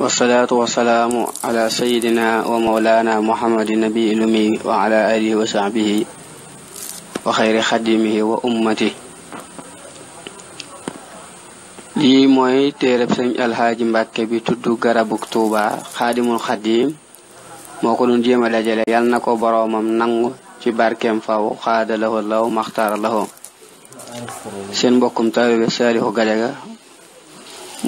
والصلاة والسلام على سيدنا ومولانا محمد النبي الأمي وعلى آله وصحبه وخير خدمه وأمته لي موي تيرب سن الحاج مباكي بي تدو غرب اكتوبا خادم الخديم موكو دون ديما داجالي يالنا كو بروامم نانغ سي باركيم فاو خاد له الله مختار له سن بوكم تاوي سالي هو غاديغا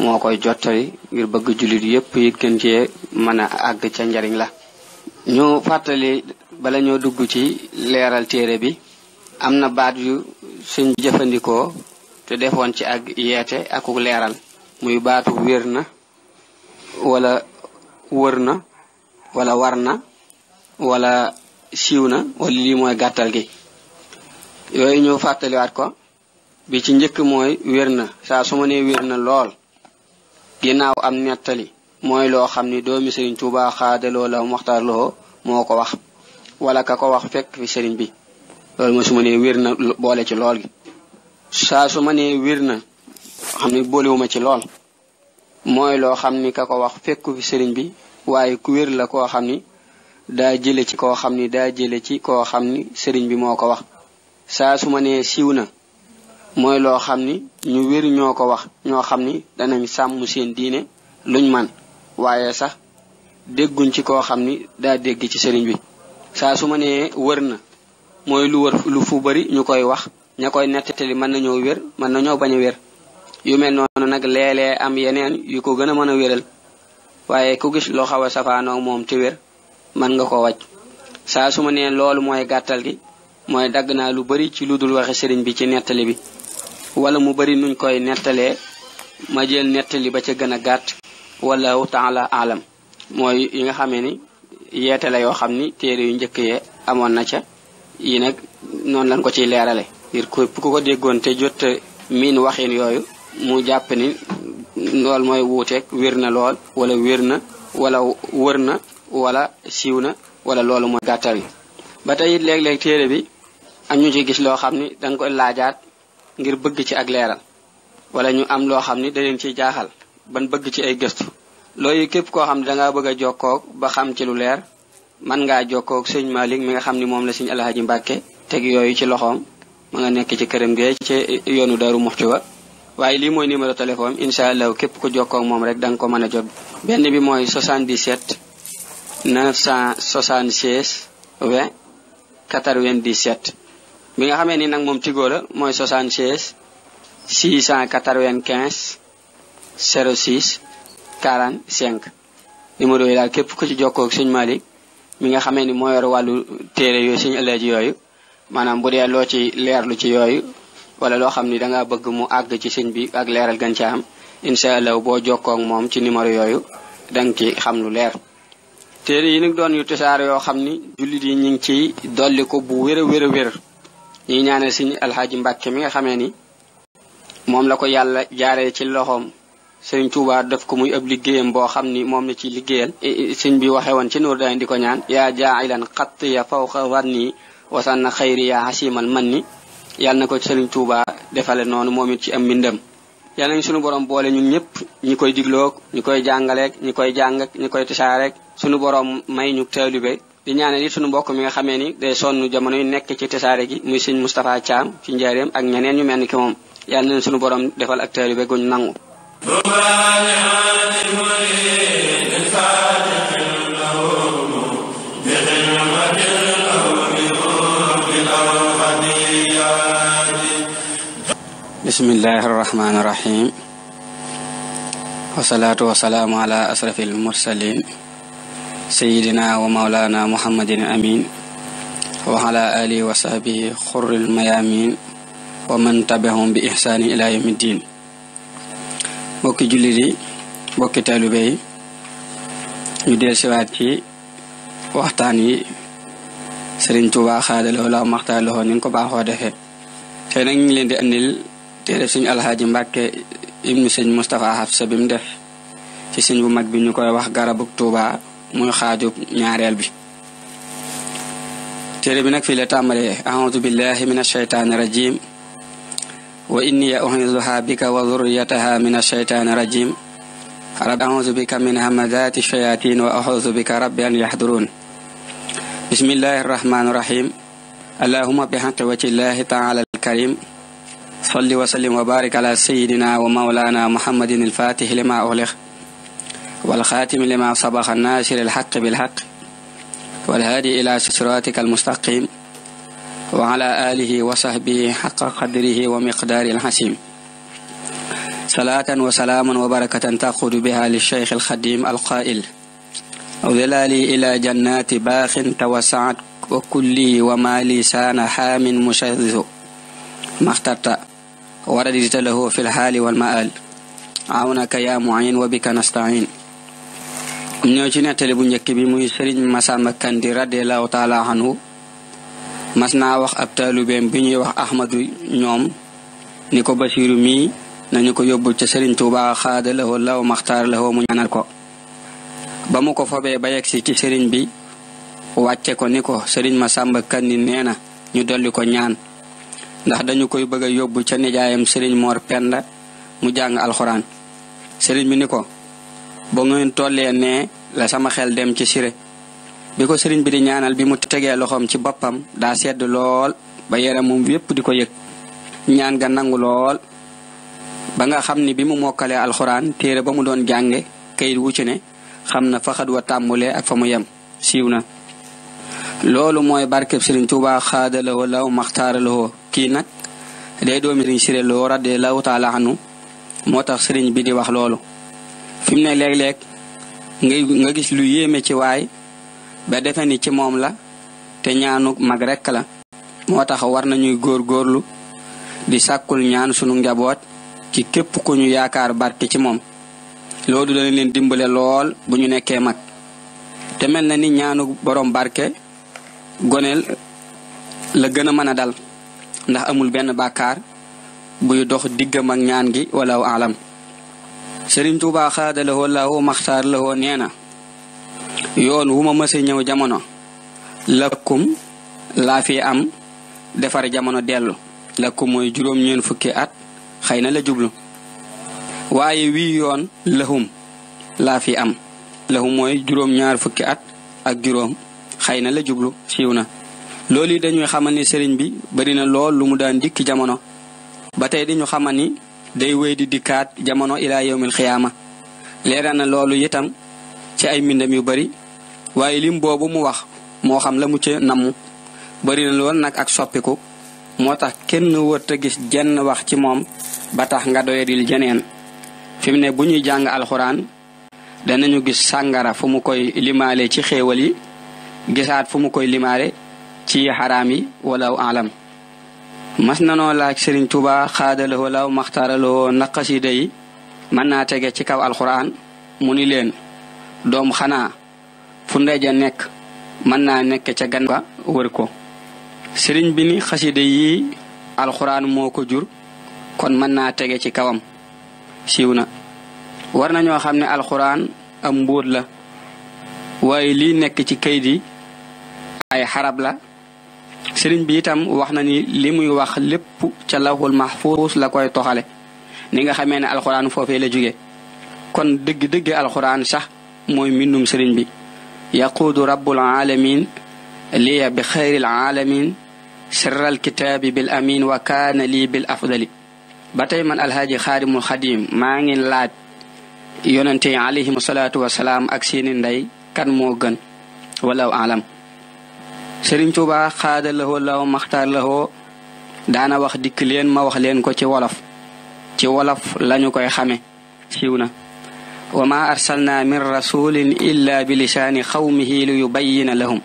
moo koy jottali ngir bëgg jullit yépp yi gën cee mën a àgg ca njariñ la ñu fàttali bala ñoo dugg ci leeral téere bi am na baat yu suñ jëfandikoo te defoon ci ak yeete akuk leeral muy baatu wér na wala wër na wala war na wala siiw na wala lii mooy gàttal gi yooyu ñu fàttaliwaat ko bi ci njëkk mooy wér na saa su nee wér na lool ginnaaw am nettali mooy loo xam ni doomi sëriñ Tuuba xaadaloo la Muxtaar Lo moo ko wax wala ka ko wax fekk fi sëriñ bi loolu mooy su ma nee na boole ci lool gi saa su ma nee wér na xam ni boolewuma ci lool mooy loo xam ni ka ko wax fekku fi sëriñ bi waaye ku wér la koo xam ni daa jële ci koo xam ni daa jële ci koo xam ni sëriñ bi moo ko wax saa su ma siiw na mooy loo xam ni ñu wér ñoo ko wax ñoo xam ni danañ sàmm seen diine luñ man waaye sax dégguñ ci koo xam ni daa dégg ci sëriñ bi saa su ma nee wër na mooy lu wër lu fu bari ñu koy wax ña koy nettali mën nañoo wér mën nañoo bañ a wér yu mel noonu nag léeg-léeg am yeneen yu ko gën a mën a wéral waaye ku gis loo xaw a safaanoog moom te wér mën nga ko wàcc saa su ma nee loolu mooy gàttal gi mooy dagg naa lu bari ci lu dul waxe sëriñ bi ci nettali bi wala mu bari nuñ koy nettalee ma jël nettali ba ca gën a gàtt wallahu taala alam mooy yi nga xamee ni yeete la yoo xam ni téere yu njëkk yee amoon na ca yi nag noonu lañ ko ciy leerale ngir ku ku ko déggoon te jot miin waxin yooyu mu jàpp ni lool mooy wuuteeg wér na lool wala wér na wala wër na wala siiw na wala loolu mooy gàttal yi ba tey it léeg téere bi am ñu ci gis loo xam ni danga ko laajaat ngir bëgg ci ak leeral wala ñu am loo xam ni da leen ci jaaxal ban bëgg ci ay gëstu loolu képp koo xam ne da ngaa bëgg a jokkoog ba xam ci lu leer man ngaa jokkoog sëñ malik mi nga xam ni moom la sëñ alhaji mbàkke teg yooyu ci loxoom ma nga nekk ci këram gee ci yoonu daru muxti wa waaye lii mooy numéro téléphone insha allahu képp ku jokkoog moom rek da nga ko mën a jot benn bi mooy 77 976 20 97 bi nga xamee ni nag moom tigo la mooy 76 695 06 45 numéro yi daal képp ku ci jokkoo ak sëñ Malick mi nga xamee ni moo yor wàllu téere yooyu sëñ ëllëg yooyu maanaam bu dee loo ci leerlu ci yooyu wala loo xam ni da nga bëgg mu àgg ci sëñ bi ak leeral gan ci am allah leer téere yi nag doon yu tasaare yoo xam ni jullit yi ñu ngi ciy ñi ngi ñaanal sëñ alxaaji Mbàkke mi nga xamee ni moom la ko yàlla jaaree ci loxoom sëriñ Tuubaa def ko muy ab liggéeyam boo xam ni moom la ci liggéeyal eh, eh, sëñ bi waxe woon ci nuur dañ di ko ñaan yaa jaailan xatt ya fawqa warni wasanna xayri yaa xasimal man ni yàlla na ko sëriñ Tuubaa defale noonu moom it ci am mbindam yàlla nañ suñu borom boole ñu ñëpp ñu koy digloog ñu koy jàngaleek ñi koy jàng ñi koy tisaareeg suñu borom may ñu taalibe di ñaanal it sunu mbokk mi nga xamee ni day sonn jamono yu nekk ci tasaare gi muy sëñ mustapha Thiam ci njaareem ak ñeneen ñu mel ni ki moom yàlla na sunu borom defal ak taalibe guñ nangu بسم الله الرحمن الرحيم والصلاة والسلام على أشرف المرسلين sayidina wa maulana muhammadin amin wa ala alihi wa mayamin wa man tabihum bi ihsaani ila yawmi diin mbokki jullit yi mbokki taalibe yi ñu del siwaat ci waxtaan yi Sëriñ Tuubaa xaadaloo la maxtaaloo ni nga ko baaxoo defee tey nag ñu ngi leen di andil téere suñ alxaaji Mbàkke ibnu sëñ Moustapha Hafsa def sëñ bu mag bi ñu koy wax garabuk Tuubaa muy xaajub ñaareel bi téere bi nag fii la tàmbalee aoudu billahi min ashaytaani rajim wa inni uhizuha bika wa zurriyataha min ashaytaani rajim rab aoudu bika min hamazati shayatin wa aoudu bika rabbi an yahdurun bismillahi arrahmani rahim allahuma bihaqi wajillahi taala alkarim صل وسلم وبارك على سيدنا ومولانا محمد الفاتح لما أغلق والخاتم لما صبغ الناس الحق بالحق والهادي إلى صراطك المستقيم وعلى آله وصحبه حق قدره ومقدار الحسيم صلاة وسلام وبركة تأخذ بها للشيخ الخديم القائل وظلالي إلى جنات باخ توسعت وكلي وما سان حام مشذذ ما اخترت ورددت له في الحال والمآل عونك يا معين وبك نستعين ñëw ci nettali bu njëkk bi muy sëriñ Masamba Kandi radiallahu taala anhu mas naa wax ab taalubeem bi ñuy wax Ahmadu ñoom ni ko Basiiru mii nañu ko yóbbu ca sëriñ Tuubaa xaada lawo law maxtaar ko ba mu ko fobee ba ci sëriñ bi wàcce ni ko sëriñ Masamba Kandi nee na ñu dolli ko ñaan ndax dañu koy bëgg a yóbbu ca nijaayam sëriñ Moor Penda mu jàng alxuraan sëriñ bi niko bo ngeen tollee ne la sama xel dem ci sire bi ko sëriñ bi di ñaanal bi mu tegee loxom ci boppam daa sedd lool ba yaramum yépp di ko yëg ñaan ga nangu lool ba nga xam ni bi mu mokkalee alxuraan téere ba mu doon jànge kayit wu ci ne xam na fa wa tàmbulee ak fa mu yem siiw na loolu mooy barkeb sëriñ tuuba xaadalawoo law maxtaaralawoo kii nag day doomi sëriñ sire loo radde law taala anu moo tax sëriñ bi di wax loolu fi ne léeg-léeg nga gis lu yéeme ci waay ba defe ni ci moom la te ñaanu mag rekk la moo tax war nañuy góor-góorlu di sàkkul ñaan sunu njaboot ci képp ku ñu yaakaar barke ci moom loolu dana leen dimbale lool bu ñu nekkee mag te mel na ni ñaanu boroom barke goneel la gën a mën a dal ndax amul benn bàkkaar buy dox diggam ak ñaan gi wala alam sëriñ tuuba xaada la woo laahu maxtaar la woo nee na yoon wuma ma ñëw jamono lakkum laa fi am defar jamono dellu lakkum mooy juróom ñeen fukki at xëy na la jublu waaye wii yoon lahum laa fi am lahum mooy juróom ñaar at ak juróom xëy na la jublu siiw na loolu dañuy xamal ni bi bari na lool lu mu daan dikk jamono ba dañu xamal day wéy di dikkaat jamono ilaa yawmil xiyaama leeral na loolu itam ci ay mbindam yu bari waaye lim boobu mu wax moo xam la mu ci namm bari lool nag ak soppiku moo tax kenn wërta gis jenn wax ci moom ba tax nga doyadil jeneen fi mu ne bu ñuy jàng alxuraan danañu gis sàngara fu mu koy limaale ci xéewal yi gisaat fu mu koy limaale ci xaraam yi wala alam mas nanoo laaj sëriñ Tuuba xaadalawoo law maxtaaralawoo na xasida yi mën naa tege ci kaw alxuraan mu ni leen doom xanaa fu ndeja nekk mën naa nekk ca gan ba wër ko sëriñ bi ni xasida yi alxuraan moo ko jur kon mën naa tege ci kawam siiw na war nañoo xam ne alxuraan am mbóot la waaye lii nekk ci kayit yi ay xarab la sëriñ bi itam wax na ni li muy wax lépp ca lawhul mahfuus la koy toxale ni nga xamee ne alxuraan foofee la jóge kon dëgg-dëgg alxuraan sax mooy mbindum sëriñ bi yaquudu rabbul alamin liya bi xayril alamin sirral kitaabi bil amin wa lii bil afdali ba tey man alhaaji xaarimul xadim maa ngi laaj yonente alayhim salaatu wasalaam ak seeni ndey kan moo gën walaw alam Sëriñ Tuubaa xaada lahoo law maxtaar lahoo daana wax dikk leen ma wax leen ko ci wolof ci wolof lañu koy xame siiw na wa ma arsalna min rasulin illa bi lisaani xawmihi li yubayyina lahum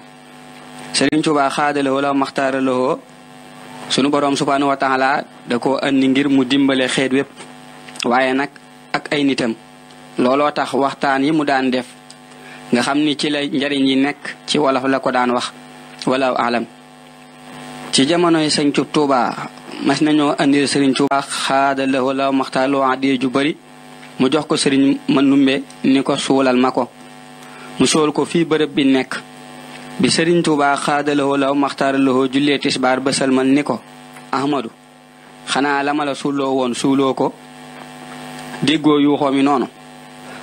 Sëriñ Tuubaa xaada lahoo law maxtaar lahoo sunu boroom subhaanahu wa da koo andi ngir mu dimbale xeet wépp waaye nag ak ay nitam looloo tax waxtaan yi mu daan def nga xam ni ci la njariñ yi nekk ci wolof la ko daan wax walaaw alam ci jamonoy sëñ Tuuba mas nañoo andil sëriñ Tuuba xaada la wala maxtaaloo addiye ju bari mu jox ko sëriñ Mandumbe ni ko suulal ma ko mu sool ko fii bërëb bi nekk bi sëriñ Tuuba xaada la wala maxtaara lahoo jullee tisbaar ba salmal ni ko Ahmadu xanaa lama la suuloo woon suuloo ko déggoo yuuxoo mi noonu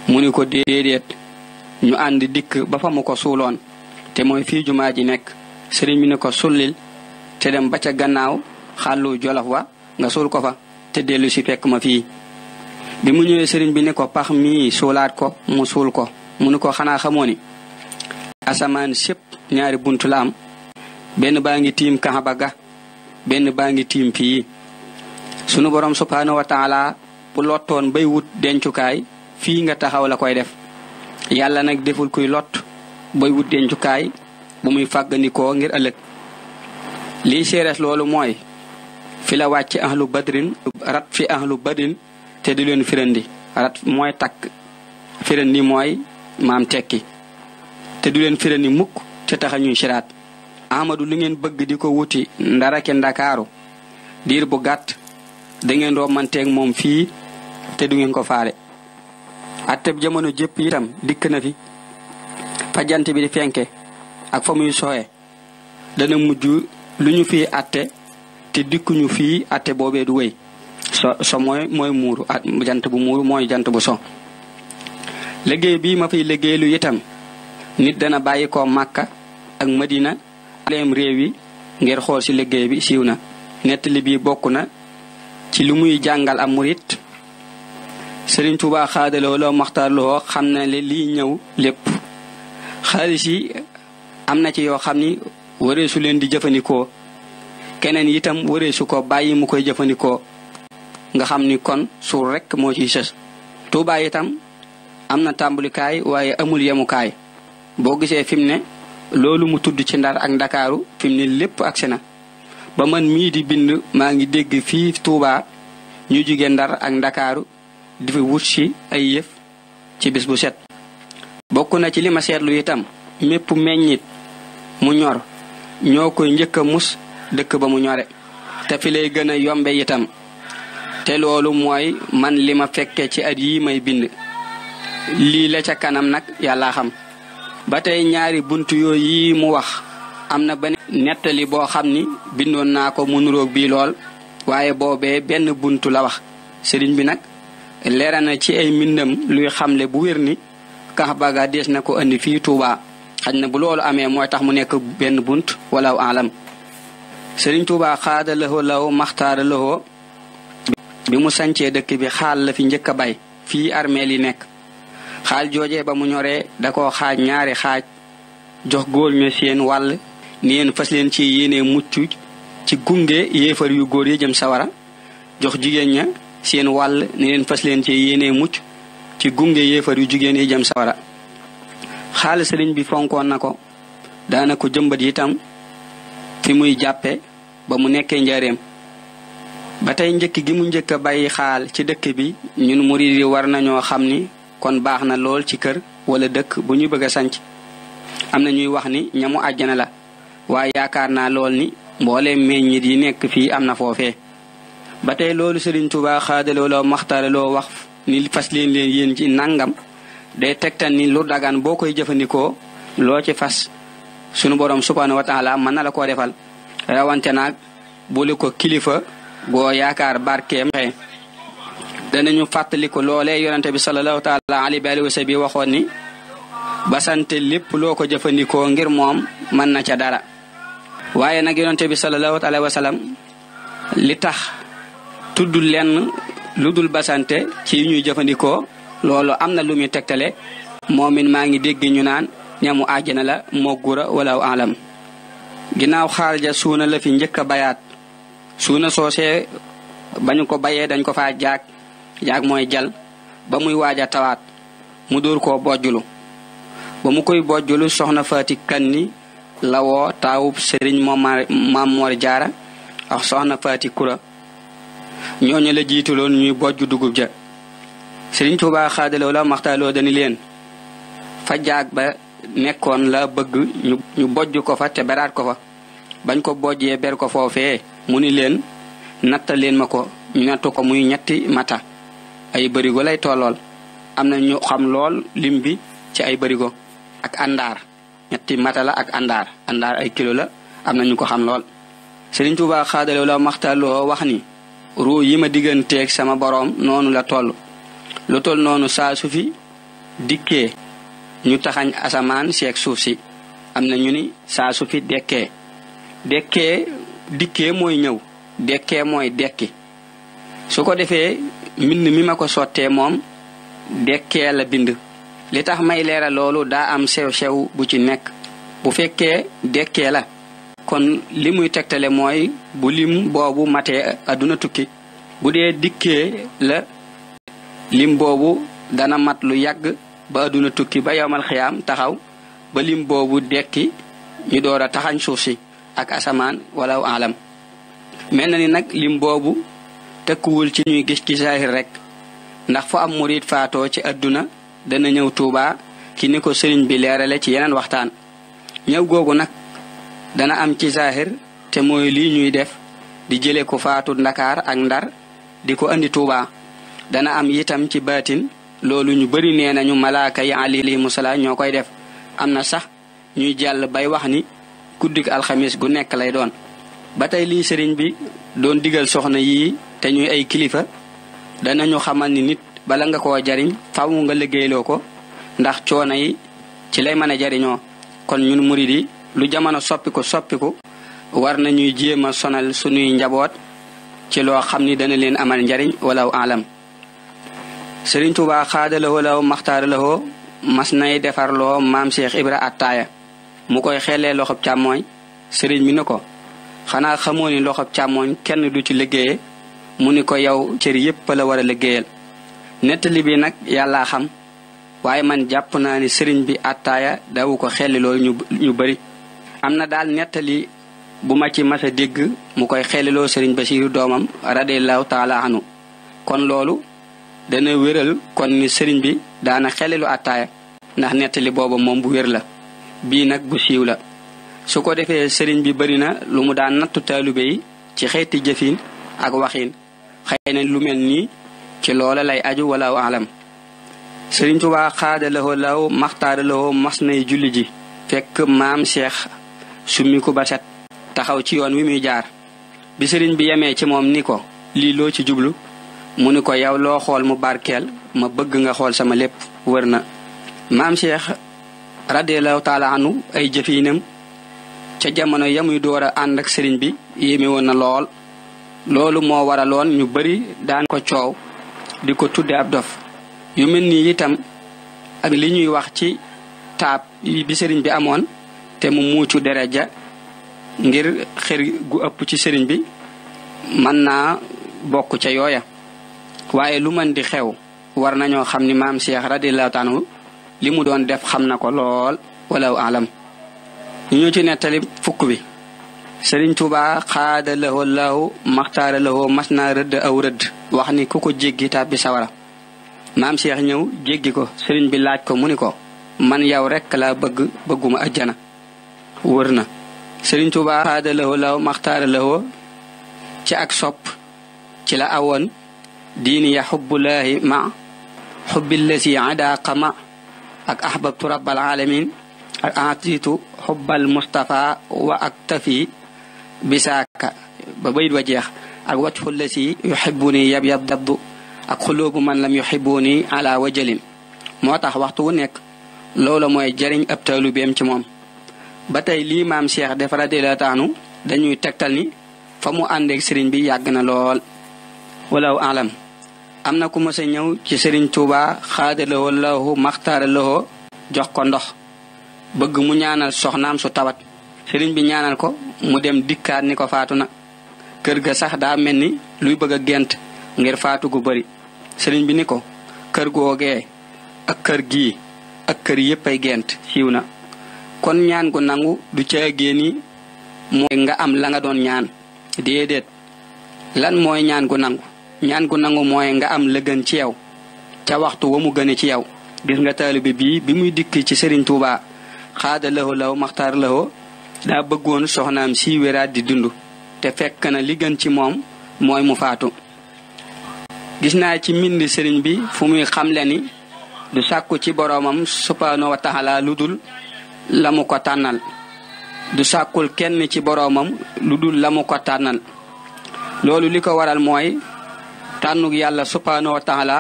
mu ni ko ñu ànd dikk ba ko suuloon te mooy fi jumaa ji nekk sëriñ bi ne ko sullil te dem ba ca gannaaw xàllu jolof wa nga suul ko fa te dellu si fekk ma fii bi mu ñëwee sëriñ bi ne ko pax mii suulaat ko mu suul ko mu ne ko xanaa xamoo ni asamaan sépp ñaari bunt la benn baa ngi tiim kaaba ga benn baa ngi tiim fii sunu borom subhaanahu wa taala bu lottoon bay wut dencukaay fii nga taxaw koy def yàlla nag deful kuy lot bay wut dencukaay bu muy fàgganikoo ngir ëllëg lii séeréer loolu mooy fi la wàcc ahlu badrin rat fi ahlu badrin te di leen firandi rat mooy takk firandi mooy maam tekki te du leen firandi mukk te taxa ñuy siraat ahmadu lu ngeen bëgg di ko wuti ndarake ndakaaru diir bu gàtt dangeen ngeen romanteeg moom fii te du ngeen ko faale atteb jamono jëpp itam dikk na fi fa bi di fenke ak fa muy sowe dana mujj lu ñu fi atte te dikkuñu fii atte boobee du wéy so so mooy muuru ak jant bu muuru mooy jant bu so liggéey bi ma fiy liggéey lu itam nit dana bàyyi ko màkka ak madina aleem réew yi ngir xool ci liggéey bi siiw na nettali bi bokk na ci lu muy jàngal am murit Sëriñ Tuubaa xaadaloo loo maxtaarloo xam na li lii ñëw lépp xaalis yi am na ci yoo xam ni wareesu leen di jëfandikoo keneen itam wareesu ko bàyyi mu koy jëfandikoo nga xam ni kon suur rekk moo ci sës tuubaa itam am na tàmbalikaay waaye amul yemukaay boo gisee fi mu ne loolu mu tudd ci ndar ak ndakaaru fi lépp agsi na ba man mii di bind maa ngi dégg fii tuubaa ñu jóge ndar ak ndakaaru di fi ay yëf ci bis bu set bokk na ci li seetlu itam mépp meññit mu ñor ñoo koy njëkk a mus dëkk ba mu ñore te fi lay gën a yombe itam te loolu mooy man li ma fekke ci at yi may bind lii la ca kanam nag yàlla xam ba tey ñaari bunt yooyu yii mu wax am na benn nettali boo xam ni bindoon naa ko mu nuroog bii lool waaye boobee benn bunt la wax sëriñ bi nag leera na ci ay mbindam luy xamle bu wér ni kax baga dees na ko andi fii Tuubaa xaj na bu loolu amee mooy tax mu nekk benn bunt walaw alam Sëriñ Tuubaa xaada lëxoo law maxtaara lëxoo bi mu sancee dëkk bi xaal la fi njëkk a bay fii armeel yi nekk xaal joojee ba mu ñoree da koo xaaj ñaari xaaj jox góor ña seen wàll ni yéen fas leen ci yéene mucc ci gunge yéefar yu góor yi jëm sawara jox jigéen ña seen wall ni leen fas leen ci yéene mucc ci gunge yéefar yu jigéen yi jëm sawara xaal sëriñ bi fonkoon na ko daanako ko yi itam fi muy jàppe ba mu nekkee njareem ba tey njëkk gi mu njëkk a bàyyi xaal ci dëkk bi ñun murid yi war nañoo xam ni kon baax na lool ci kër wala dëkk bu ñu bëgg a sanc am na ñuy wax ni ñamu àjjana la waaye yaakaar naa lool ni mbooleem meññit yi nekk fii am na foofe ba tey loolu Sëriñ Tuubaa xaadaloo loo maxtaaraloo wax ni fas leen leen yéen ci nangam day tegtal ni lu dagaan boo koy jëfandikoo loo ci fas sunu borom subhanahu wa taala mën na la koo defal rawante naag buli ko kilifa goo yaakaar barkeem xe danañu fàttali ko loolee yonente bi salallahu taala ali bi wa sabi waxoon ni basante lépp loo ko jëfandikoo ngir moom mën na ca dara waaye nag yonente bi salallahu alayhi wa sallam li tax tudd lenn lu dul basante ci ñuy jëfandikoo loolu am na lu muy tegtale moomin maa ngi dégg ñu naan ñamu àjjana la moggura wala alam ginnaaw xaal ja suuna la fi njëkk a bayaat suuna soosee bañu ko bayee dañ ko faa jaag jaag mooy jal ba muy waaj a tawaat mu dóor koo bojjulu ba mu koy bojjulu soxna faati kan ni lawoo taawub sëriñ moomar maammoor jaara ak soxna faati kura ñooñu la jiitaloon ñuy bojj dugub ja Sëriñ Tuubaa xaadalaw la maxtaaloo dani leen fa jaag ba nekkoon la bëgg ñu bojj ko fa te beraat ko fa bañ ko bojjee ber ko foofee mu ni leen natta leen ma ko ñu nattu ko muy ñetti mata ay bërigo lay tollool am na ñu xam lool lim bi ci ay barigo ak àndaar ñetti mata la ak andaar andaar ay kilo la am na ñu ko xam lool Sëriñ Tuubaa xaadalaw la maxtaaloo wax ni ruu yi ma digganteeg sama borom noonu la toll lu tol noonu saa su fi dikkee ñu taxañ asamaan seeg suuf si am na ñu ni saa su fi dekkee dekkee dikkee mooy ñëw dekkee mooy dekki su ko defee mbind mi ma ko sottee moom dekkee la bind li tax may leera loolu daa am sew-sew bu ci nekk bu fekkee dekkee la kon li muy tegtale mooy bu lim boobu matee adduna tukki bu dee dikkee la lim boobu dana mat lu yàgg ba adduna tukki ba yowmal xiyaam taxaw ba lim boobu dekki ñu door a taxañ suuf si ak asamaan wala alam mel na ni nag lim boobu tëkkuwul ci ñuy gis ci zahir rek ndax fu am murit faatoo ci adduna dana ñëw tuubaa ci ni ko sëriñ bi leerale ci yeneen waxtaan ñëw googu nag dana am ci zahir te mooy lii ñuy def di jële ko faatu ndakaar ak ndar di ko andi tuubaa dana am itam ci baatin loolu ñu bari nee nañu malaaka yi alayhimu salaam ñoo koy def am na sax ñuy jàll bay wax ni guddik alxamis gu nekk lay doon ba tey lii sëriñ bi doon digal soxna yii te ñuy ay kilifa danañu xamal ni nit bala nga ko jariñ faw nga liggéeyloo ko ndax coona yi ci lay mën a jariñoo kon ñun murid yi lu jamono soppiku soppiku war nañuy jéem a sonal sunuy njaboot ci loo xam ni dana leen amal njariñ wala alam Sëriñ Tuubaa xaadalawoo law maxtaaralawoo mas nay defarloo maam Cheikh Ibra attaaya mu koy xellee loxob càmmooñ sëriñ bi ni ko xanaa xamoo ni loxob càmmooñ kenn du ci liggéeye mu ni ko yow cër yépp la war a liggéeyal nettali bi nag yàlla xam waaye man jàpp naa ni sëriñ bi attaaya dawu ko xelli ñu bari am na daal nettali bu ma ci mas a mu koy xelliloo sëriñ Basiiru doomam radiallahu taala kon loolu dana wéral kon ni sëriñ bi daana xelelu attaaya ndax nettali booba moom bu wér la bii nag bu siiw la su ko defee sëriñ bi bari na lu mu daan nattu taalibe ci xeeti jëfin ak waxin xëy na lu mel nii ci loola lay aju wala alam sëriñ Tuubaa xaada lawo law maxtaara lawo mas nay julli ji fekk maam Cheikh summiku ba set taxaw ci yoon wi muy jaar bi sëriñ bi yemee ci moom ni ko lii loo ci jublu mu ni ko yow loo xool mu barkeel ma bëgg nga xool sama lépp wër na maam Cheikh radiallahu ay jëfiinam ca jamono yamuy door a ànd ak sëriñ bi yéeme woon na lool loolu moo waraloon ñu bari daan ko coow di ko tudde ab dof yu mel nii itam ak li ñuy wax ci taab bi sëriñ bi amoon te mu muucu ja ngir xër gu ëpp ci sëriñ bi mën naa bokk ca yooya waaye lu man di xew war nañoo xam ni maam Cheikh radiyallahu li mu doon def xam na ko lool walaw alam ñu ñu ci nettali fukk bi Sëriñ Tuubaa xaada lahoo laahu maxtaara lahoo mas naa rëdd aw rëdd wax ni ku ko jéggi tàbbi ñëw jéggi ko sëriñ bi laaj ko mu ni ko man yow rekk laa bëgg bëgguma na Sëriñ Tuubaa xaada lahoo maxtaara lahoo ci ak sopp ci la awoon ديني حب الله مع حب الذي عدا قمع أك أحببت رب العالمين أعطيت حب المصطفى وأكتفي بساك ببيد وجه أك وجه الذي يحبني يبيض ضد اقلوب من لم يحبني على وجل موتاح وقتو نيك لولا موي جارين ابتالو بيم تي موم باتاي لي مام شيخ ديفرا ديلا تانو دانيو تكتالني فامو اندك سيرين بي ياغنا لول walaw alam am na ku mos ñëw ci sëriñ tuuba xaadalawoo lawoo maxtaara lawoo jox ko ndox bëgg mu ñaanal soxnaam su tawat sëriñ bi ñaanal ko mu dem dikkaat ni ko faatu na kër ga sax daa mel ni luy bëgg a gént ngir faatu gu bari sëriñ bi ni ko kër googee ak kër gii ak kër yéppay gént siiw na kon ñaan gu nangu du caagée ni mooy nga am la nga doon ñaan déedéet lan mooy ñaan gu nangu ñaan gu nangu mooy nga am la gën ci yow ca waxtu wa mu gëne ci yow gis nga taalibe bii bi muy dikk ci sëriñ Touba xaada lawo law maxtaar lawo daa bëggoon soxnaam si wéraat di dund te fekk na li gën ci moom mooy mu faatu gis naa ci mbind sëriñ bi fu muy xamle ni du sàkku ci boroomam subhaanahu wa taala lu dul la mu ko tànnal du sàkkul kenn ci boroomam lu dul la ko tànnal loolu li ko waral mooy tànnug yàlla subhaanahu wa taala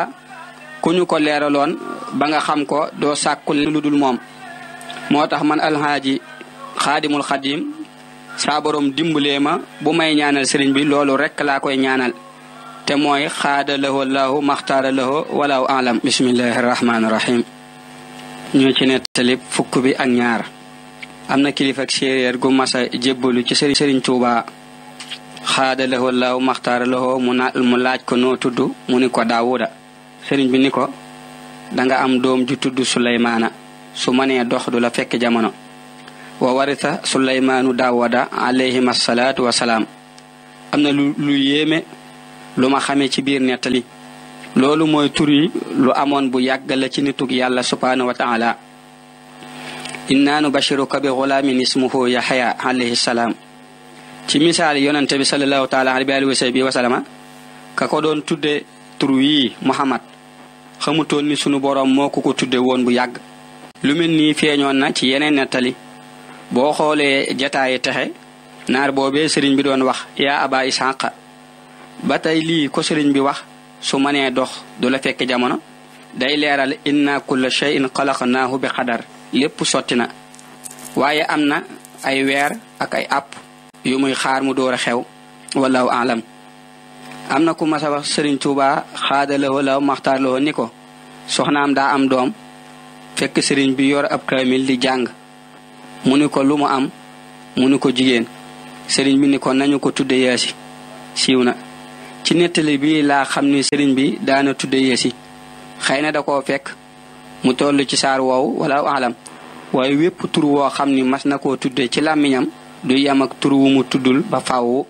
ku ñu ko leeraloon ba nga xam ko doo sàkku lu dul moom moo tax man alhaaji xaadimul xadim saa borom dimbalee ma bu may ñaanal sëriñ bi loolu rekk laa koy ñaanal te mooy xaada lahoo laahu maxtaara lahoo walaahu alam bismillahi rahmaani ñu ci nettali fukk bi ak ñaar am na kilifa ak séeréer ci sëriñ xaada lahoo laaw maxtaara lahoo mu laaj ko noo tudd mu ni ko daawuda sëriñ bi ni ko danga am doom ju tudd suleymaana su manee dox du la fekk jamono wa warisa suleymaanu daawuda alayhim wasalaam am na lu lu lu ma xamee ci biir nettali loolu mooy tur lu amoon bu yàgg la ci nitug yàlla subhaanahu wa taala innaanu bashiruka bi xulaamin ismuhu yaxya alayhi salaam ci misaal yonente bi sallallahu taala alayhi wa sahbihi ka ko doon tudde tur wii Muhammad xamutoon ni sunu boroom moo ko ko tudde woon bu yàgg lu mel nii feeñoon na ci yeneen nettali boo xoolee jataayi texe naar boobee sëriñ bi doon wax yaa aba ishaq ba tey lii ko sëriñ bi wax su manee dox doo la fekk jamono day leeral inna kulla shay'in xalaqnaahu bi qadar lépp sotti na waaye am na ay weer ak ay àpp yu muy xaar mu door a xew wallahu alam am na ku mas wax Sëriñ Tuuba xaada lawo law maxtaar lawo ni ko soxnaam daa am doom fekk sëriñ bi yor ab kaamil di jàng mu ni ko lu mu am mu ni ko jigéen sëriñ bi ni ko nañu ko tudde yeesi siiw na ci nettali bi laa xam ni sëriñ bi daana tudde yeesi xëy na da koo fekk mu toll ci saar woow wala alam waaye wépp tur woo xam ni mas na koo tudde ci làmmiñam du yem ak tur mu tuddul ba faaw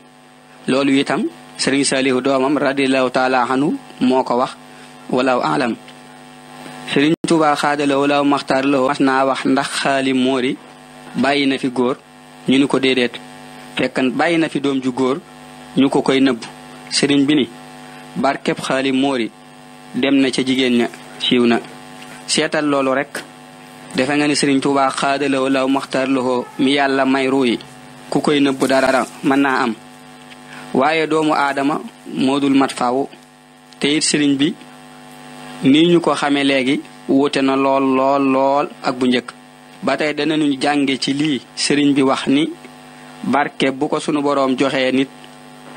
loolu itam sëriñ Saalihu doomam radiallahu taala anhu moo ko wax walaaw alam sëriñ Tuubaa xaadala walaaw maxtaar la mas naa wax ndax xaali moori bàyyi na fi góor ñu ni ko déedéet fekkan bàyyi na fi doom ju góor ñu ko koy nëbb sëriñ bi ni barkeb xaali moori dem na ca jigéen ña siiw na seetal loolu rek defe nga ni sëriñ Tuubaa xaadala walaaw maxtaar la mi yàlla may ruuyi ku koy nëbb dara mën naa am waaye doomu aadama moo dul mat faaw te it sëriñ bi ni ñu ko xamee léegi wuute na lool lool lool ak bu njëkk ba tey danañu jànge ci lii sëriñ bi wax ni barke bu ko sunu boroom joxee nit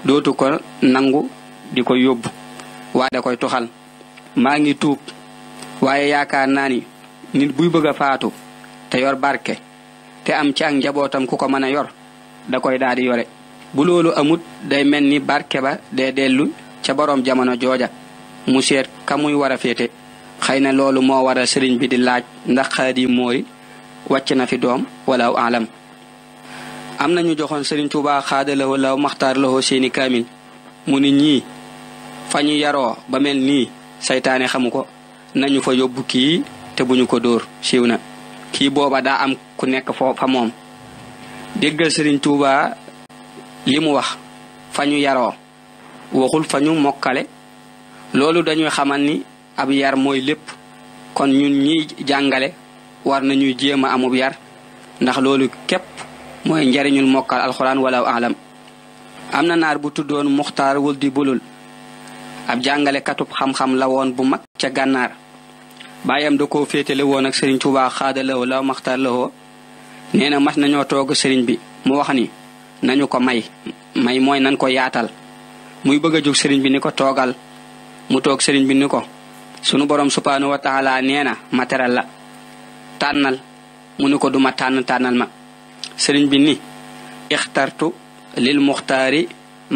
dootu ko nangu di ko yóbbu waaye da koy tuxal maa ngi tuub waaye yaakaar naa nit buy bëgg faatu te yor barke te am ci ak njabootam ku ko yor da koy daal di yore bu loolu amut day mel ni barke ba de dellu ca boroom jamono jooja mu seet ka muy war a féete xëy na loolu moo waral sëriñ bi di laaj ndax Xaadim Moori wàcc na fi doom wala alam am na ñu joxoon sëriñ Tuubaa xaadalawoo walla maxtaar lawoo seeni kaamil mu ni ñii fa ñu yaroo ba mel nii seytaane xamu ko nañu fa yóbbu kii te bu ñu ko dóor siiw na kii booba daa am ku nekk foo fa moom déggal sëriñ Tuuba li mu wax fa ñu yaroo waxul fa ñu mokkale loolu dañuy xamal ni ab yar mooy lépp kon ñun ñi jàngale war nañuy jéem amub yar ndax loolu képp mooy njariñul mokkal alxuraan wala alam am na naar bu tuddoon muxtaar wul bulul ab jàngalekatub xam-xam la woon bu mag ca gànnaar baayam da koo féetale woon ak sëriñ Tuuba xaadalawoo la maxtaar lawoo neena mas nañu toog sëriñ bi mu wax ni nañu ko may may mooy nan ko yaatal muy bëgg a jóg sëriñ bi ni ko toogal mu toog sëriñ bi ni ko sunu borom subhanahu wa taala neena materal la tànnal mu ni ko duma tànn tànnal ma sëriñ bi ni ixtartu lil muxtaari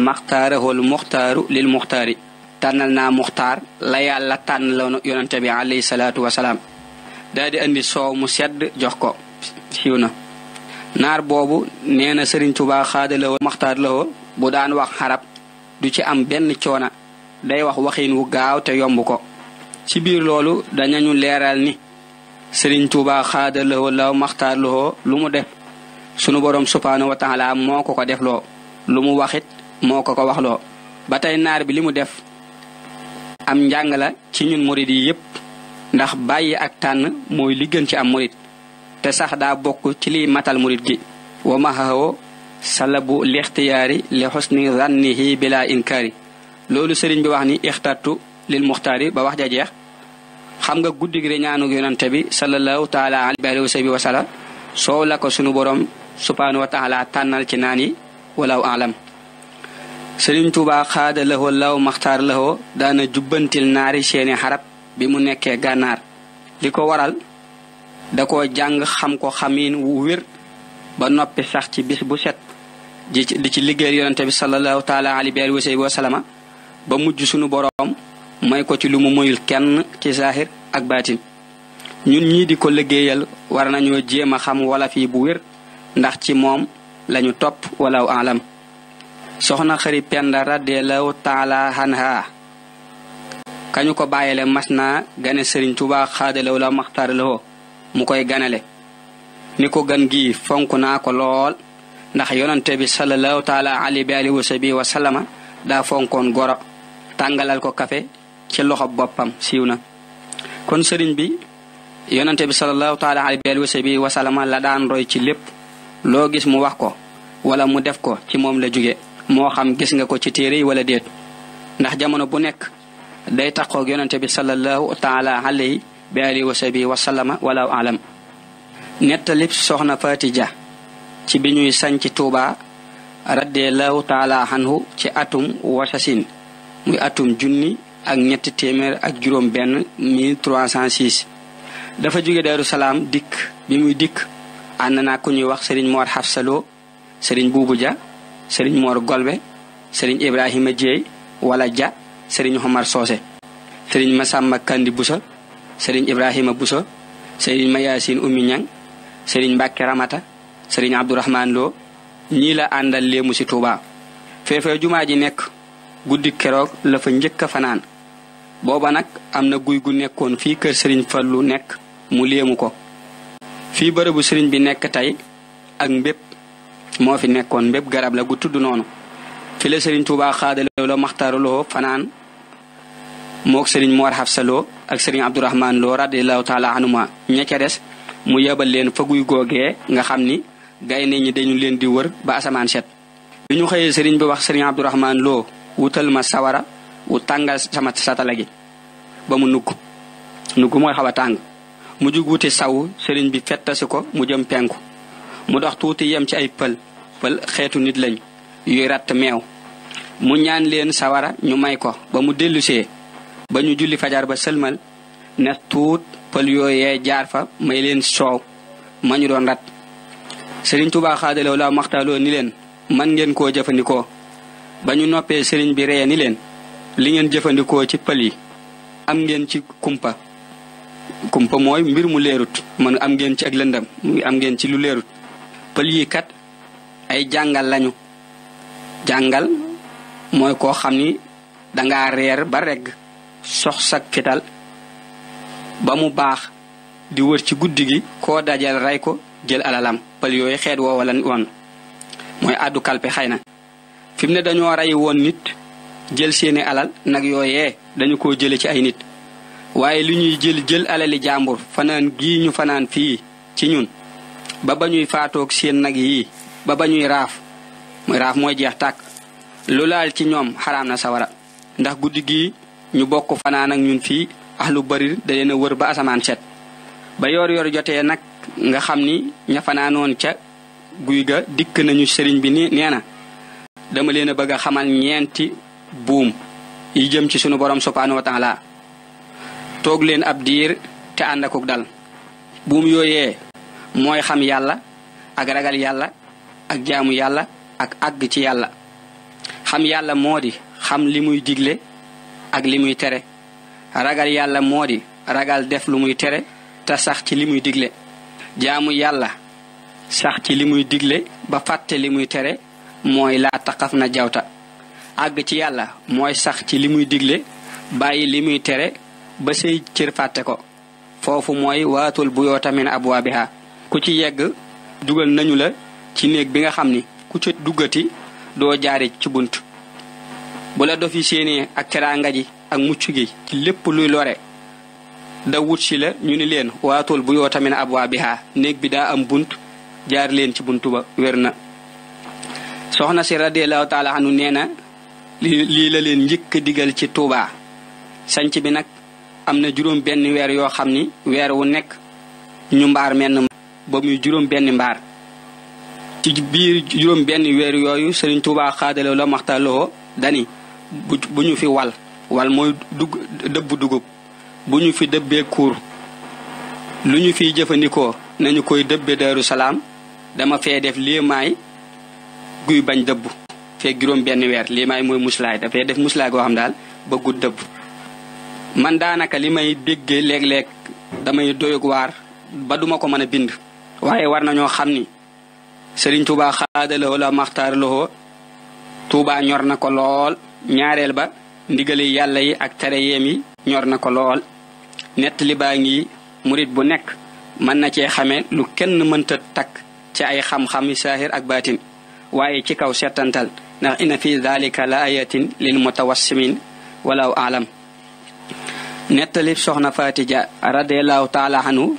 maxtaarahu hol muxtaaru lil muxtaari tànnal naa muxtaar la yàlla tànn la yonante bi alayhi salaatu wasalaam daal di andi soow mu sedd jox ko siiw na naar boobu nee na sëriñ tubaa xaadalawoo maxtaar lawoo bu daan wax xarab du ci am benn coona day wax waxin wu gaaw te yomb ko ci biir loolu dañañu leeral ni sëriñ tuubaa xaada law maxtaar lawoo lu mu def sunu borom subhaanahu wa taala moo ko ko def loo lu mu waxit moo ko ko wax loo ba tey naar bi li mu def am njàng la ci ñun morit yi yépp ndax bàyyi ak tànn mooy li gën ci am murid te sax daa bokk ci liy matal murit gi wa mahawoo salabu lixtiyaari li xusni zannihi bila inkaari loolu sëriñ bi wax ni ixtartu lil muxtaari ba wax ja jeex xam nga guddi gi ñaanu yonante bi sallallahu taala alayhi wa sallam wa soow la ko sunu borom subhanahu wa taala tànnal ci naan yi walaw alam sëriñ tuuba xaada lahoo law maxtaar lahoo daana jubbantil naari seeni xarab bi mu nekkee gànnaar li ko waral da koo jàng xam ko xamin wu wér ba noppi sax ci bis bu set ji ci di ci liggéeyal yonente bi sallallahu taala ali bi wa wa ba mujj sunu boroom may ko ci lu mu moyul kenn ci saaxir ak baatin ñun ñii di ko liggéeyal war nañoo jéem a xam wala fii bu wér ndax ci moom lañu topp wala alam soxna xëri penda radiallahu taala anha kañu ko bàyyile mas naa gane sëriñ Tuubaa xaadalaw la maxtaaralawoo mu koy ganale ni ko gan gi fonk naa ko lool ndax yonante bi sallallahu taala ali bi alihi wasabi wa sallama daa goro tàngalal ko kafe ci loxo boppam siiw na kon sëriñ bi yonante bi sallallahu taala ali bi alihi wasabi wa sallama la daan roy ci lépp loo gis mu wax ko wala mu def ko ci moom la jóge moo xam gis nga ko ci téere yi wala déet ndax jamono bu nekk day taxoog yonante bi sallallahu taala alayhi bi ali wa sabi wa sallama wala alam nettalib soxna fatija ci biñuy ñuy sanc radde radiyallahu taala hanhu. ci atum wasasin muy atum junni ak ñetti téeméer ak juróom ben 1306 dafa jóge daru salam dik bi muy dik ànd naa ku ñuy wax serigne moor hafsalo serigne buubu ja sëriñ golbe serigne ibrahima jey wala ja serigne omar sose serigne masamba kandi busa sëriñ Ibrahima Bousso sëriñ Mayasine Oumy Niang sëriñ Mbacke Ramata sëriñ Abdourahmane Lo ñii la àndal léemu ci Touba. feefee jumaa ji nekk guddi keroog la fa njëkk a fanaan booba nag am na guy gu nekkoon fii kër sëriñ Fallu nekk mu léemu ko fii bërëbu sëriñ bi nekk tey ak mbépp moo fi nekkoon mbépp garab la gu tudd noonu fi la sëriñ Touba xaadaloo la fanaan mook sëriñ Mor Hafsaloo ak sëriñ Abdourahman Lo radiallahu taala anuma ña ca des mu yebal leen fa guy googee nga xam ni gaynde ñi dañu leen di wër ba asamaan set bi ñu xëyee sëriñ bi wax sëriñ Abdourahman Lo wutal ma sawara wu tànga sama satala gi ba mu nugg nugg mooy xaw a tàng mu jug wuti saw sëriñ bi fettasi ko mu jëm penku mu dox tuuti yem ci ay pël pël xeetu nit lañ yuy ratt meew mu ñaan leen sawara ñu may ko ba mu dellusee ba ñu julli fajar ba sëlmal ne tuut pël yooyee jaar fa may leen soow ma ñu doon rat sëriñ Tuubaa xaadalaw laa maxtaaloo ni leen man ngeen koo jëfandikoo ba ñu noppee sëriñ bi reye ni leen li ngeen jëfandikoo ci pël yi am ngeen ci kumpa kumpa mooy mbir mu leerut man am ngeen ci ak lëndam am ngeen ci lu leerut pël yi kat ay jàngal lañu jàngal mooy koo xam ni dangaa reer ba regg sox sa fetal ba mu bax di wër ci guddigi ko dajal ray ko jël alalam pal yoy xéet wo lan won moy addu kalpe xayna fimne dañu ray won nit jël seeni alal nak yoyé dañu ko jël ci ay nit waye luñuy jël jël alali jambur fanaan gi ñu fanaan fi ci ñun ba bañuy faatok seen nak yi ba bañuy raaf muy raaf jeex tak lu laal ci ñom haram na sawara ndax guddigi ñu bokk fanaan ak ñun fii ahlu lu da daleen a wër ba asamaan set ba yoor yoor jotee nag nga xam ni ña fanaanoon ca guy ga dikk nañu sëriñ bi ni nee dama leen a bëgg a xamal ñeenti buum yi jëm ci sunu borom subhanahu wa toog leen ab diir te ànd akuk dal buum yooyee mooy xam yàlla ak ragal yàlla ak jaamu yàlla ak àgg ci yàlla xam yàlla moo di xam li muy digle ak li muy tere ragal yàlla moo di ragal def lu muy tere te sax ci li muy digle jaamu yàlla sax ci li muy digle ba fàtte li muy tere mooy laa taqaf na jawta àgg ci yàlla mooy sax ci li muy digle bàyyi li muy tere ba sey cër fàtte ko foofu mooy waatul buyoota min abwaabiha ku ci yegg dugal nañu la ci néeg bi nga xam ni ku ci duggati doo jaari ci bunt bu la dof yi ak teraanga ji ak mucc gi ci lépp luy lore da wut la ñu ni leen waatul bu yoo tamit ab waa bihaa néeg bi daa am bunt jaar leen ci buntu ba weer na soxna si radiallahu taala anu nee na lii la leen njëkk digal ci Tuubaa sanc bi nag am na juróom benn weer yoo xam ni weer wu nekk ñu mbaar menn ba muy juróom benn mbaar ci biir juróom benn weer yooyu Sëriñ Tuubaa xaadalaw la maxtaloo dani bu ñu fi wal wal mooy dugg dëbb dugub bu ñu fi dëbbee kuur lu ñu fi jëfandikoo nañu koy dëbbe Daaru Salaam dama fee def liimaay guy bañ dëbb fee juróom benn weer liimaay mooy muslaay dafay def muslaay goo xam daal bëggut dëbb man daanaka li may déggee léeg-léeg damay doyog waar ba duma ko mën a bind waaye war nañoo xam ni Sëriñ Tuubaa xaadalawoo la Tuubaa ñor na ko lool ñaareel ba ndigali yàlla yi ak tere yeem yi ñor na ko lool nettali baa ngi murit bu nekk mën na cee xamee lu kenn mënta takk ci ay xam-xam saahir ak baatin waaye ci kaw settantal ndax ina fi dalika la ayatin lil mutawassimin walaw alam nettali soxna Fatija radiallahu taala anhu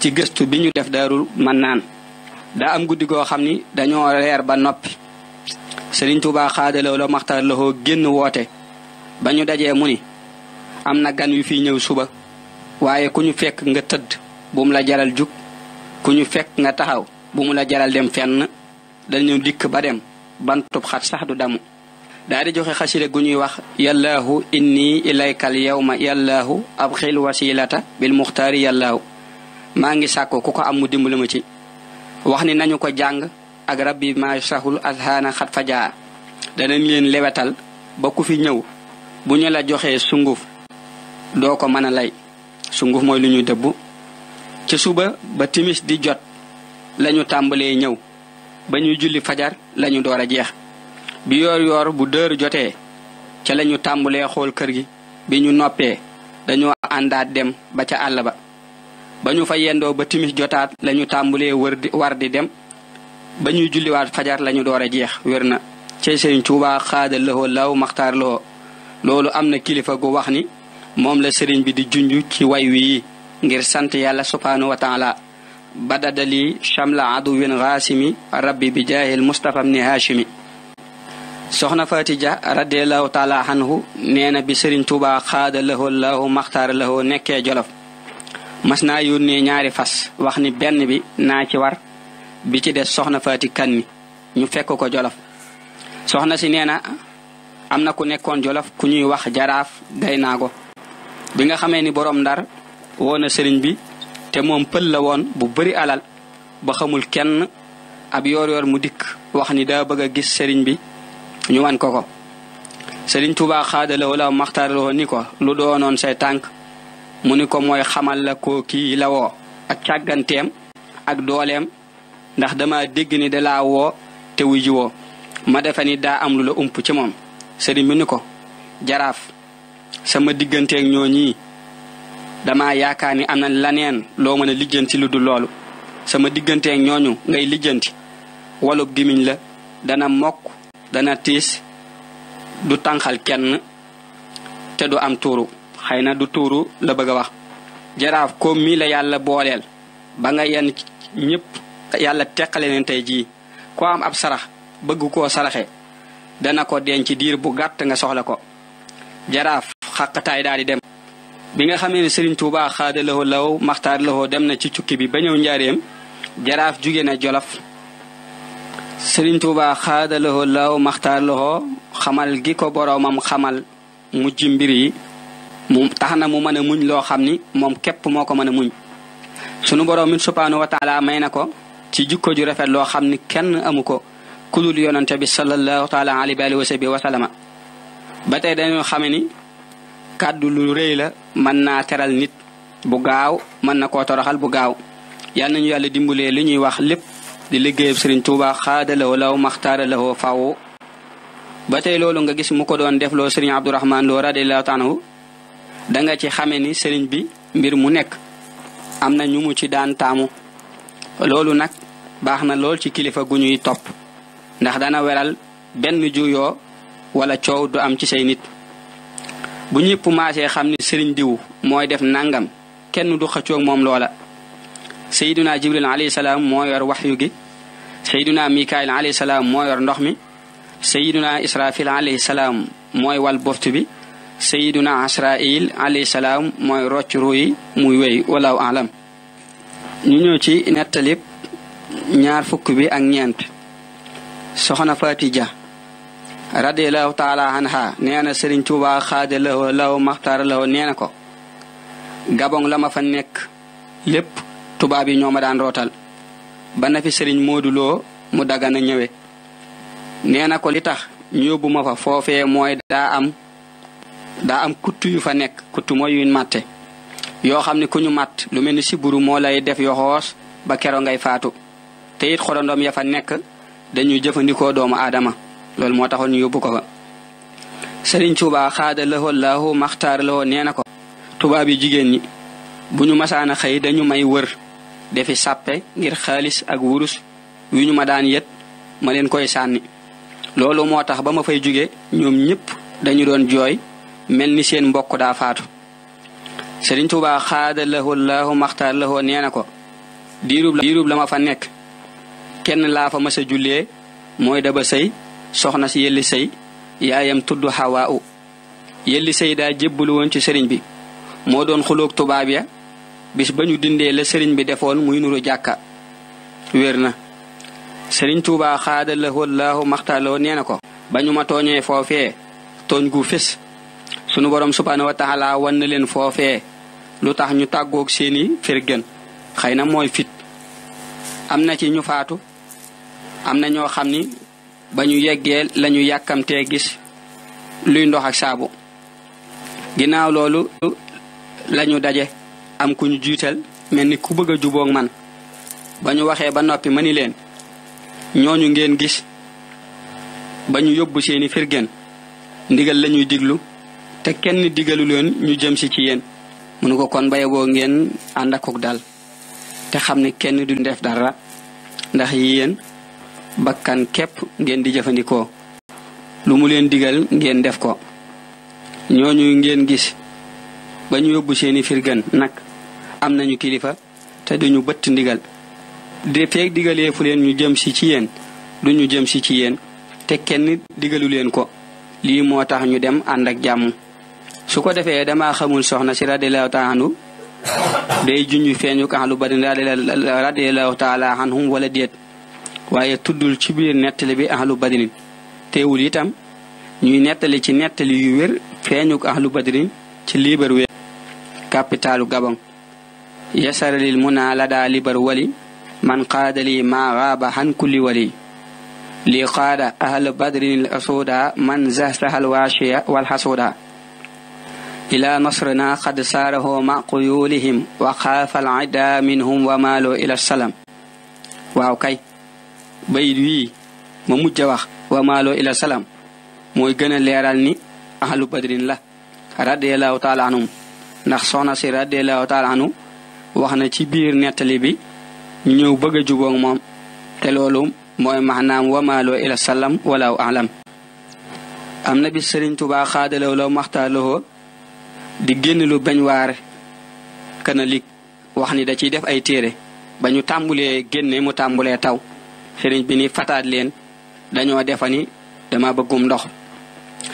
ci gëstu bi ñu def daarul mannaan daa am guddi goo xam ni dañoo reer ba noppi Sëriñ Tuubaa xaadalaw la maxtaar laxoo génn woote ba ñu dajee mu ni am na gan yu fi ñëw suba waaye ku ñu fekk nga tëdd bu la jaral jug ku ñu fekk nga taxaw bu mu la jaral dem fenn dañu dikk ba dem bantub xat sax du damu daa di joxe xasire gu ñuy wax yallaahu inni ilaykal yawma yallaahu ab xil wasilata bil muxtaari yallaahu maa ngi sàkko ku ko am mu dimbali ma ci wax ni nañu ko jàng ak rabbi maa sahul azhaana xat fajaa danañ leen lewetal ba ku fi ñëw bu ñu la joxee sunguf doo ko mën a lay sunguf mooy lu ñu dëbb ca suba ba timis di jot lañu tàmbalee ñëw ba ñuy julli fajar lañu door a jeex bi yoor yoor bu dër jotee ca lañu tàmbalee xool kër gi bi ñu noppee dañoo àndaat dem ba ca àll ba ba ñu fa yendoo ba timis jotaat lañu tàmbalee wër di dem bañu ñuy julliwaat fajar lañu door a jeex wér na cey sëriñ Tuubaa xaada maxtaar lëxoo loolu am na kilifa gu wax ni moom la sëriñ bi di junj ci way wi ngir sant yàlla subhaanahu wa taala badadali chamla aduwin raasimi rabbi bi jaahil mustafa ni haashimi soxna Faati Ja radiallahu taala anhu nee na bi sëriñ Tuubaa xaada lëxoo law maxtaar lëxoo nekkee jolof mas naa yónnee ñaari fas wax ni benn bi naa ci war bi ci des soxna faati kan mi ñu fekk ko jolof soxna si nee na am na ku nekkoon jolof ku ñuy wax jaraaf gaynaago bi nga xamee ni boroom ndar woon sëriñ bi te moom pël la woon bu bari alal ba xamul kenn ab yoor yoor mu dikk wax ni daa bëgg a gis sëriñ bi ñu wan ko sëriñ Tuubaa xaadala wala maxtaaraloo ni ko lu doonoon say tànk mu ni ko mooy xamal la ko kii lawoo woo ak càgganteem ak dooleem ndax dama dégg ni da laa woo te wuyu woo ma defe ni daa am lu la ump ci moom sëriñ bi ni ko jaraaf sama diganti ñoo ñii dama yaakaar ni am na laneen loo mën a lijjanti lu du loolu sama ak ñooñu ngay lijjanti walub gimiñ la dana mok, dana tiis du tànqal kenn te du am tuuru xëy na du tuuru la bëgg a wax jaraaf koom mii la yàlla booleel ba nga yenn ñëpp yàlla teqale leen tey jii ku am ab sarax bëggu koo saraxe dana ko denc diir bu gàtt nga soxla ko jaraaf xaqataay daal di dem bi nga xamee ne Sëriñ Tuubaa xaada lawo law maxtaar lawo dem na ci cukki bi ba ñëw njaareem jaraaf jóge jolof Sëriñ Tuubaa law maxtaar lawo xamal gi ko boroomam xamal mujj mbir yi mu tax na mu mën a muñ loo xam ni moom képp moo ko mën a muñ sunu boroom mi subhaanahu wa may na ko ci jikko ju rafet loo xam ni kenn amu ko kudul yonante bi sallallahu taala alayhi wa sallam wa sallama ba tey dañoo xame ni kàddu lu rëy la mën naa teral nit bu gaaw mën na koo toroxal bu gaaw yal nañu yàlla dimbalee li ñuy wax lépp di liggéeyab Sëriñ Tuubaa xaadalawoo law maxtaara lawoo faw ba tey loolu nga gis mu ko doon def loo Sëriñ Abdourahman Lo radiallahu taala anhu da nga ci xame ni sëriñ bi mbir mu nekk am na ñumu ci daan taamu loolu nag baax na lool ci kilifa gu ñuy topp ndax dana weral benn juyoo wala coow du am ci say nit bu ñëpp maasee xam ni sëriñ diw mooy def nangam kenn du xëccoog moom loola sayduna jibril alayhi salaam moo yor waxyu gi sayduna mikaayil alayhi ndox mi sayduna israfil alayhi salaam mooy wal boftu bi sayduna asrail alayhi salaam mooy rocc ruuyi muy wéy walaaw alam ñu ñëw ñaar fukk bi ak ñeent soxna Faati Ja radiallahu taala anha nee na sëriñ Tuubaa xaade lawo law maxtaar lawo nee na ko gabon lama fa nekk lépp tubaab yi ñoo ma daan rootal ba na fi sëriñ Moodu mu dagana ñëwe nee na ko litax tax ñu fa foofee mooy daa am daa am kuttu yu fa nekk kuttu mooy yuñ màtte yoo xam ne ku ñu màtt lu mel ni siburu moo lay def yoxoos ba kero ngay faatu te it xolandoom ya fa nekk dañuy jëfandikoo doomu aadama loolu moo taxoon ñu yóbbu ko fa Sëriñ Tuubaa xaada lëxoo laahu maxtaar lëxoo nee na ko tubaab yi jigéen ñi bu ñu masaan a xëy dañu may wër sàppe ngir xaalis ak wurus yu ma daan yët ma leen koy sànni loolu moo tax ba ma fay jóge ñoom ñëpp dañu doon jooy mel ni seen mbokk daa faatu Sëriñ Tuubaa xaada lëxoo laahu maxtaar lëxoo nee na ko diirub la ma fa nekk kenn laa fa mas a mooy daba sëy soxna si yelli sëy yaayam tudd xawaa u yelli sëy daa jébbalu woon ci sëriñ bi moo doon xuloog tubaab ya bis ba ñu dindee la sëriñ bi defoon muy nuru jàkka wér na sëriñ tuubaa xaada la wallaahu nee na ko ba ñu ma foofee tooñ gu fés sunu borom subhaanahu wa leen foofee lu tax ñu tàggook seeni firgën xëy na mooy fit am na ci ñu faatu am na ñoo xam ni ba ñu yeggee la yàkkamtee gis luy ndox ak saabu ginnaaw loolu lañu daje am ku ñu jiital mel ni ku bëgg a jubóog man ba ñu waxee ba noppi ma ni leen ñooñu ngeen gis ba ñu yóbbu seeni firgeen ndigal lañuy diglu te kenn digalu leen ñu jëm si ci yéen munu ko kon baye boo ngeen ànd akuk dal te xam ni kenn du def dara ndax yéen bakkan képp ngeen di jëfandikoo lu mu leen digal ngeen def ko ñooñu ngeen gis ba ñu yóbbu seeni firgan nag am nañu kilifa te duñu bët ndigal de feeg leen ñu jëm si ci yéen duñu jëm si ci yéen te kenn digalu leen ko lii moo tax ñu dem ànd ak jàmm su ko defee dama xamul soxna si radiallahu taala anhu day junj feeñu kaxlu badin radiallahu taala anhum wala déet waaye tuddul ci biir nettali bi ahlu badrin teewul itam ñuy nettali ci nettali yu wér feeñuk ahlu badrin ci Libreville capitalu Gabon yasaralil muna lada libar wali man qaadali ma gaaba han kulli wali li qaada ahlu badrin asuda man zahsahal waashiya wal hasuda ila nasrina qad saarahu ma quyulihim wa xaafa al ida minhum wa maalo ila salam waaw kay bayit wii ma mujj a wax wa maaloo ila salaam mooy gëna leeral ni ahlu badrin la radiallahu taala ndax soxna si radiallahu taala wax na ci biir nettali bi ñu ñëw bëgg a moom te loolu mooy maanaam wa maaloo ila salaam walaaw alam am na bi sëriñ tubaa xaadalaw law maxtaaloo di génn lu bañ waar kana lig wax ni da ciy def ay téere ba ñu tàmbulee génne mu tàmbulee taw sëriñ bi ni fataat leen dañoo defani dama bëggum ndox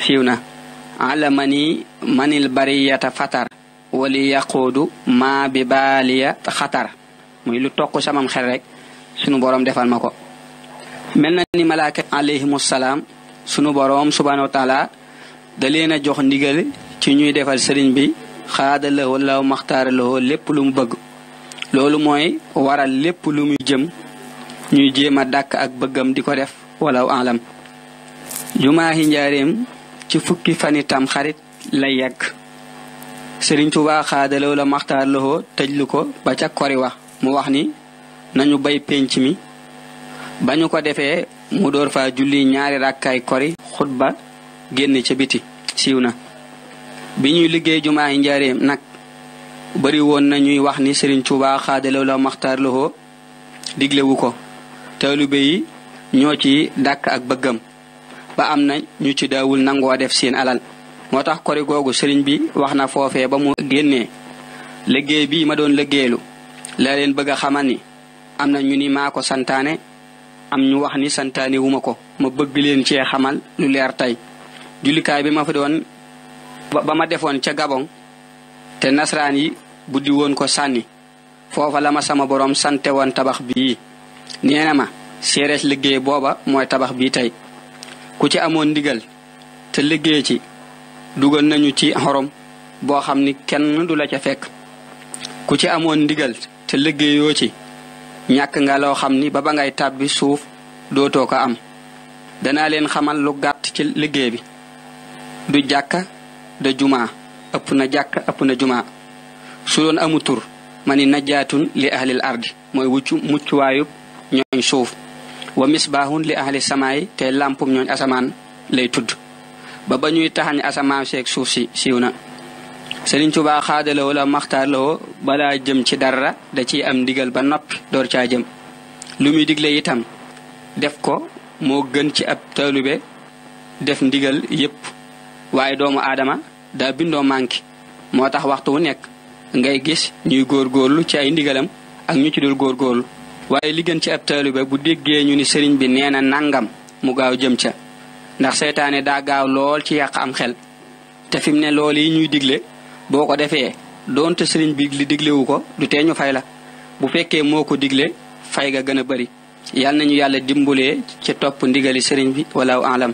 siiw na alamani manil bariyata fatar wali yaquudu maa bi baaliya xatar muy lu tokk samam xel rek sunu boroom defal ma ko mel na ni malaaka alayhimu sunu borom subhanahu wa taala leen a jox ndigal ci ñuy defal sëriñ bi xaada lahoo law maxtaara lahoo lépp lu mu bëgg loolu mooy waral lépp lu muy jëm ñuy jéem a dàkk ak bëggam di ko def walaw alam jumaa yi njaareem ci fukki fani tam xarit lay yegg sëriñ Tuubaa xaadalaw la maxtaar loxo tëjlu ko ba ca kori wax mu wax ni nañu bay pénc mi ba ñu ko defee mu door fa julli ñaari rakkaay kori xutba génn ca biti siiw na bi ñuy liggéey jumaa yi njaareem nag bari woon na ñuy wax ni sëriñ Tuubaa xaadalaw la maxtaar loxo diglewu ko taalibe yi ñoo ci dàkk ak bëggam ba am na ñu ci daawul nangoo def seen alal moo tax kori googu sëriñ bi wax na foofee ba mu génnee liggéey bi ma doon liggéeylu laa leen bëgg a xamal ni am na ñu ni maa ko santaane am ñu wax ni santaane wu ko ma bëgg leen cee xamal lu leer tey jullikaay bi ma fa doon ba ma defoon ca Gabon te nasraan yi buddi woon ko sànni foofa la ma sama borom sante woon tabax bii nee na ma séeréer liggéey booba mooy tabax bi tey ku ci amoon ndigal te liggéey ci dugal nañu ci xorom boo xam ni kenn du la ca fekk ku ci amoon ndigal te liggéeyoo ci ñàkk nga loo xam ni ba ba ngay tàbbi suuf dootoo ko am danaa leen xamal lu gàtt ci liggéey bi du jàkka da jumaa ëpp na jàkka ëpp na jumaa su doon amu tur ma ni najaatun li ahlil ardi mooy wuccu muccuwaayub ñooñ suuf wa misbaahun li ahli samaay te lampum ñooñ asamaan lay tudd ba ba ñuy taxañ asamaan seeg suuf si siiw na Sëriñ Tuubaa xaadala wala maxtaar la balaa jëm ci dara da ciy am ndigal ba noppi door caa jëm lu muy digle itam def ko moo gën ci ab taalube def ndigal yépp waaye doomu aadama daa bindoo manqué moo tax waxtu wu nekk ngay gis ñuy góor góorgóorlu ci ay ndigalam ak ñu ci góor góorlu waaye li gën ci ab taalibe bu déggee ñu ni sëriñ bi nee na nangam mu gaaw jëm ca ndax seytaane daa gaaw lool ci yàq am xel te fi ne loolu yi ñuy digle boo ko defee doonte sëriñ bi li diglewu ko du tee ñu fay la bu fekkee moo ko digle fay ga gën a bari yal nañu yàlla dimbulee ci topp ndigali sëriñ bi walaaw alam